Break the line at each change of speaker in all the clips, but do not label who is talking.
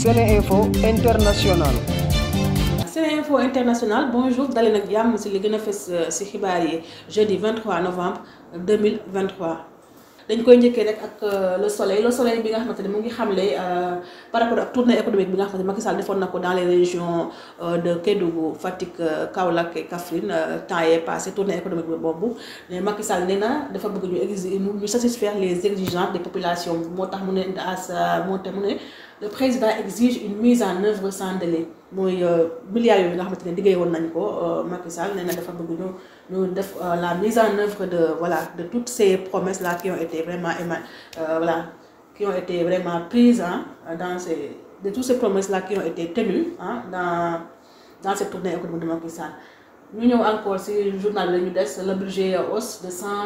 Seneinfo International. Seneinfo International bonjour dalee nag jàmm ci li gën a fes euh, ci xibaar yi jeudi 23 novembre 2023. dañ koy njëkkee rek ak euh, le soleil le soleil bi nga xamante ne mu ngi xamle euh, par rapport ak tournée économique bi nga xamante ne Macky defoon na ko dans les régions de Kédougou Fatick Kaolack et Kaffrine temps yee passé tournée économique bi boobu mais Macky Sall nee na dafa bëgg ñu exiger ñu satisfaire les exigences des populations moo tax mu ne as moo tax mu le président exige une mise en œuvre sans délai mooy euh, milliards yooyu nga xamante ne liggéey woon nañ ko euh, Macky Sall nee na dafa ñu def euh, la mise en œuvre de voilà de toutes ces promesses là qui ont été vraiment éma voilà qui ont vraiment prises hein, dans ces de toutes ces promesses là qui ont été tenues dans dans cette tournée économique de Macky Sall ñu ñëw encore si journal bi la ñu des le budget hausse de cent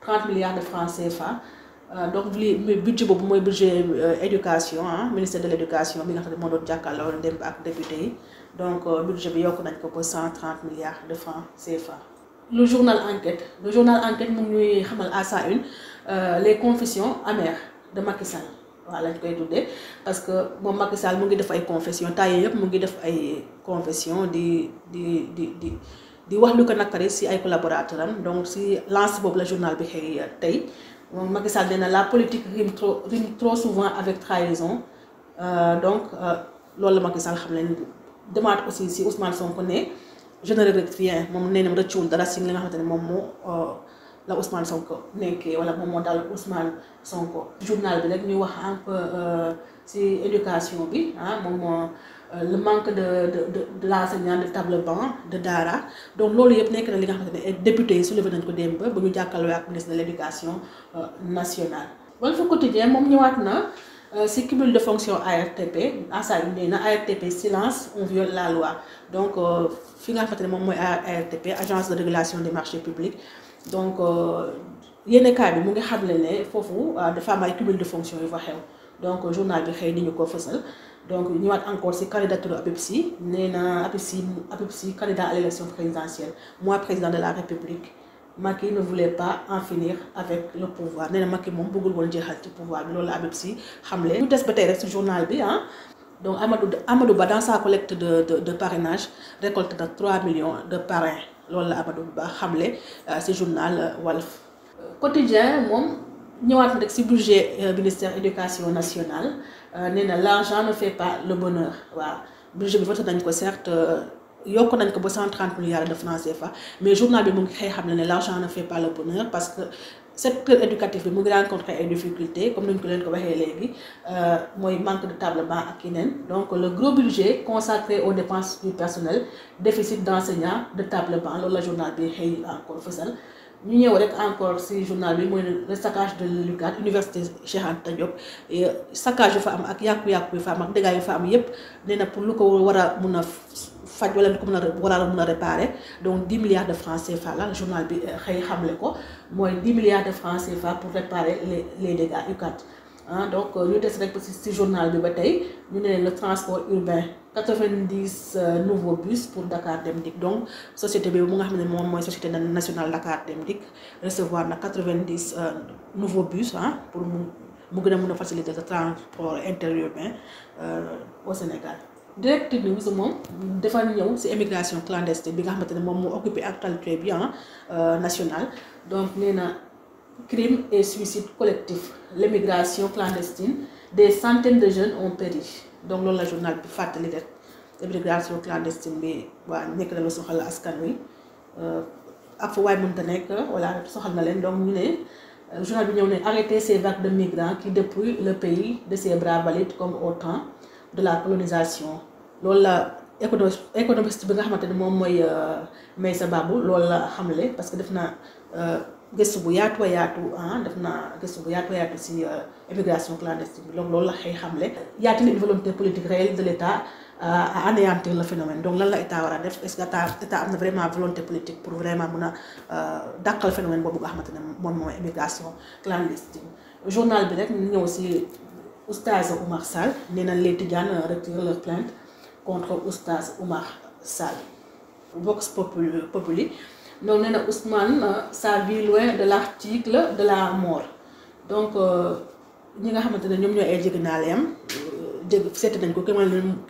trente milliards de francais CFA. Euh, donc li budget boobu mooy budget euh, éducation ah ministère de l' éducation bi nga xam ne moo doon jàkkaarloo dem ak député yi euh, bi yokk nañ ko ba cent trente milliards de francs CFA. le journal enquête le journal enquête moom ñuy xamal à sa une les confessions amères de Macky waa waaw lañ koy tuddee parce que moom Macky Sall mu ngi def ay confession taayee yëpp mu ngi def ay confession di di di di di wax lu ko naqari si ay collaborateurs am donc si lance boobu la journal bi xëy tey. moom Macky Sall nee na la politique rime trop rime trop souvent avec trahison euh, donc euh, loolu la Macky Sall xam leen demaat aussi si Ousmane Sonko ne je ne regrette rien moom nee na rëccuwul dara si li xamante ne moom moo euh, la Ousmane Sonko nekkee wala moom moo daal Ousmane Sonko journal bi rek ñuy wax un peu euh, ci éducation bi ah moom moo euh, le manque de de de de l'enseignant de table banc de daara donc loolu yëpp nekk na li nga xam ne député yi soulevé nañ ko démb ba bu ñu jàkkaarloo ak ministre de l'éducation euh, nationale. Walf Quotidien moom ñëwaat na. Euh, si cumul de fonction ARTP ASAD nee na ARTP silence on viole la loi donc euh, fi nga xamante ne moom mooy ARTP agence de régulation des marché publics donc euh, yenn cas bi mu ngi xamle ne foofu dafa am ay cumul de fonction yu fa xew donc journal bi xëy ni ñu ko fësal donc ñëwaat encore ci candidature Habib Sy nee na Habib Sy Habib Sy candidat à l'élection présidentielle moi président de la République Macky ne voulait pas en finir avec le pouvoir nee na moom bëggul woon jeexal ci pouvoir bi loolu la Habib Sy xamle. ñu des ba tey rek ci journal bi ah donc Amadou Amadou Ba dans sa collecte de de de parrainage récolte na 3 millions de parrains loolu la Amadou Ba xamle euh, ci journal euh, Walf. quotidien moom ñëwaat na rek ci budget euh, ministère éducation nationale nee na l'argent ne fait pas le bonheur waa budget bi voté nañ ko certes. yokk nañ ko ba cent trente milliards de francs CFA mais journal bi mu ngi xëy xam ne ne l'argent ne fait pas le parce que secteur éducatif bi mu ngi rencontré ay difficultés comme nañ ko leen ko waxee léegi euh, mooy manque de table-banc ak yeneen donc le gros budget consacré aux dépenses du personnel déficit d'enseignants de table-banc loolu la journal bi xëy encore fësal ñu ñëw rek encore ci journal bi mooy le saccage de l'UCAD université Cheikh Anta Diop euh, am ak yàqu-yàqu yu fa am ak dégâts yu fa am yépp nee na war a faj wala ni ko mën a wala a réparer donc 10 milliards de francs CFA la journal bi euh, xëy xamle ko mooy 10 milliards de francs CFA pour réparer les les dégâts UCAD ah donc euh, ñu des rek ci ci journal bi ba tey ñu ne le transport urbain 90 euh, nouveaux bus pour Dakar Dem Dikk donc société bi mu nga xam ne moom mooy société nationale Dakar Dem Dikk recevoir na 90 nouveaux bus ah pour mu mu gën a mën a faciliter le transport interurbain au Sénégal. direct news moom defal ñëw ci émigration clandestine bi nga xamante ne moom moo occupé actualité bi ah, euh, national donc nee na crime et suicide collectif l'émigration clandestine des centaines de jeunes ont péri donc loolu la journal bi fàttali rek émigration clandestine bi waa nekk na lu soxal askan wi euh, ak fa waay mënta nekk wala soxal na leen donc ñu ne journal bi ñëw ne arrêter ces de migrants qui dépouillent le pays de ses bras valides comme autant de la colonisation loolu la économiste bi nga xamante ne moom mooy euh, Meissa Babou loolu la xamle parce que def na euh, gëstu bu yaatu a yaatu ah def na gëstu bu yaatu a yaatu si euh, immigration clandestine bi donc la xëy xamle y a-t-il une volonté politique réelle de l'État à anéantir le phénomène donc lan la état war a def est-ce am na volonté politique pour vraiment mun a dàqal phénomène boobu nga xamante ne moom mooy immigration clandestine journal bi rek ñëw oustaz Oumar Sall nee nañ les Tidianes retirent leur plainte contre oustaz Oumar Sall Vox Populi Populi donc nee na Ousmane euh, Sall bi loin de l'article de la mort donc euh, ñi nga xamante ne ñoom ñooy ay jëgg naa dégg seeti nañ ko ki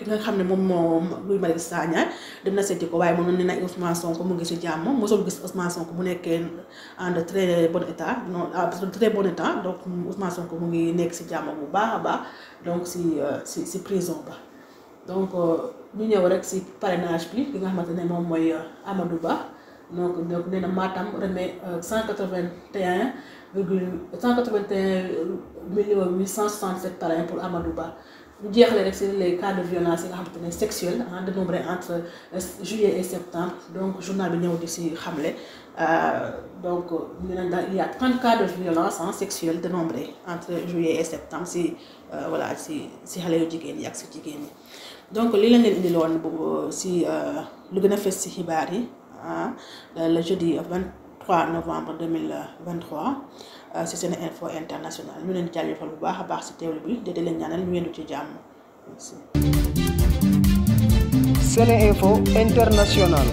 nga xam ne moom moo Guy Marius Sagna dem na seeti ko waaye moom nee na Ousmane Sonko mu ngi si jàmm mosul gis Ousmane Sonko mu nekkee en de bon état non très bon état donc Ousmane Sonko mu ngi nekk si jàmm bu baax a baax donc si si si prison donc euh, ñu ñëw rek si parrainage bi ki nga xamante ne moom mooy euh, Amadou Ba donc donc nee na Matam remet 181 euh, virgule 181 millions 867 parrain pour Amadou Ba. lu jeexalee rek c'est les cas de violence yi nga xamante ne sexuelle ah dénombré entre euh, juillet et septembre donc journal bi ñëw di si xamle euh, donc ñu ne daal il y a 30 cas de violence ah sexuelle dénombrés entre et septembre si euh, voilà si si xale yu jigéen yi si jigéen yi donc li lañ leen indiloon bu si lu gën a fes si xibaar yi ah le jeudi 20. 3 novembre 2023 euh, ci seen info international ñu leen jaajëfal bu baax a baax ci teewlu bi de leen ñaanal ñu yendu ci jàmm merci. seen info international.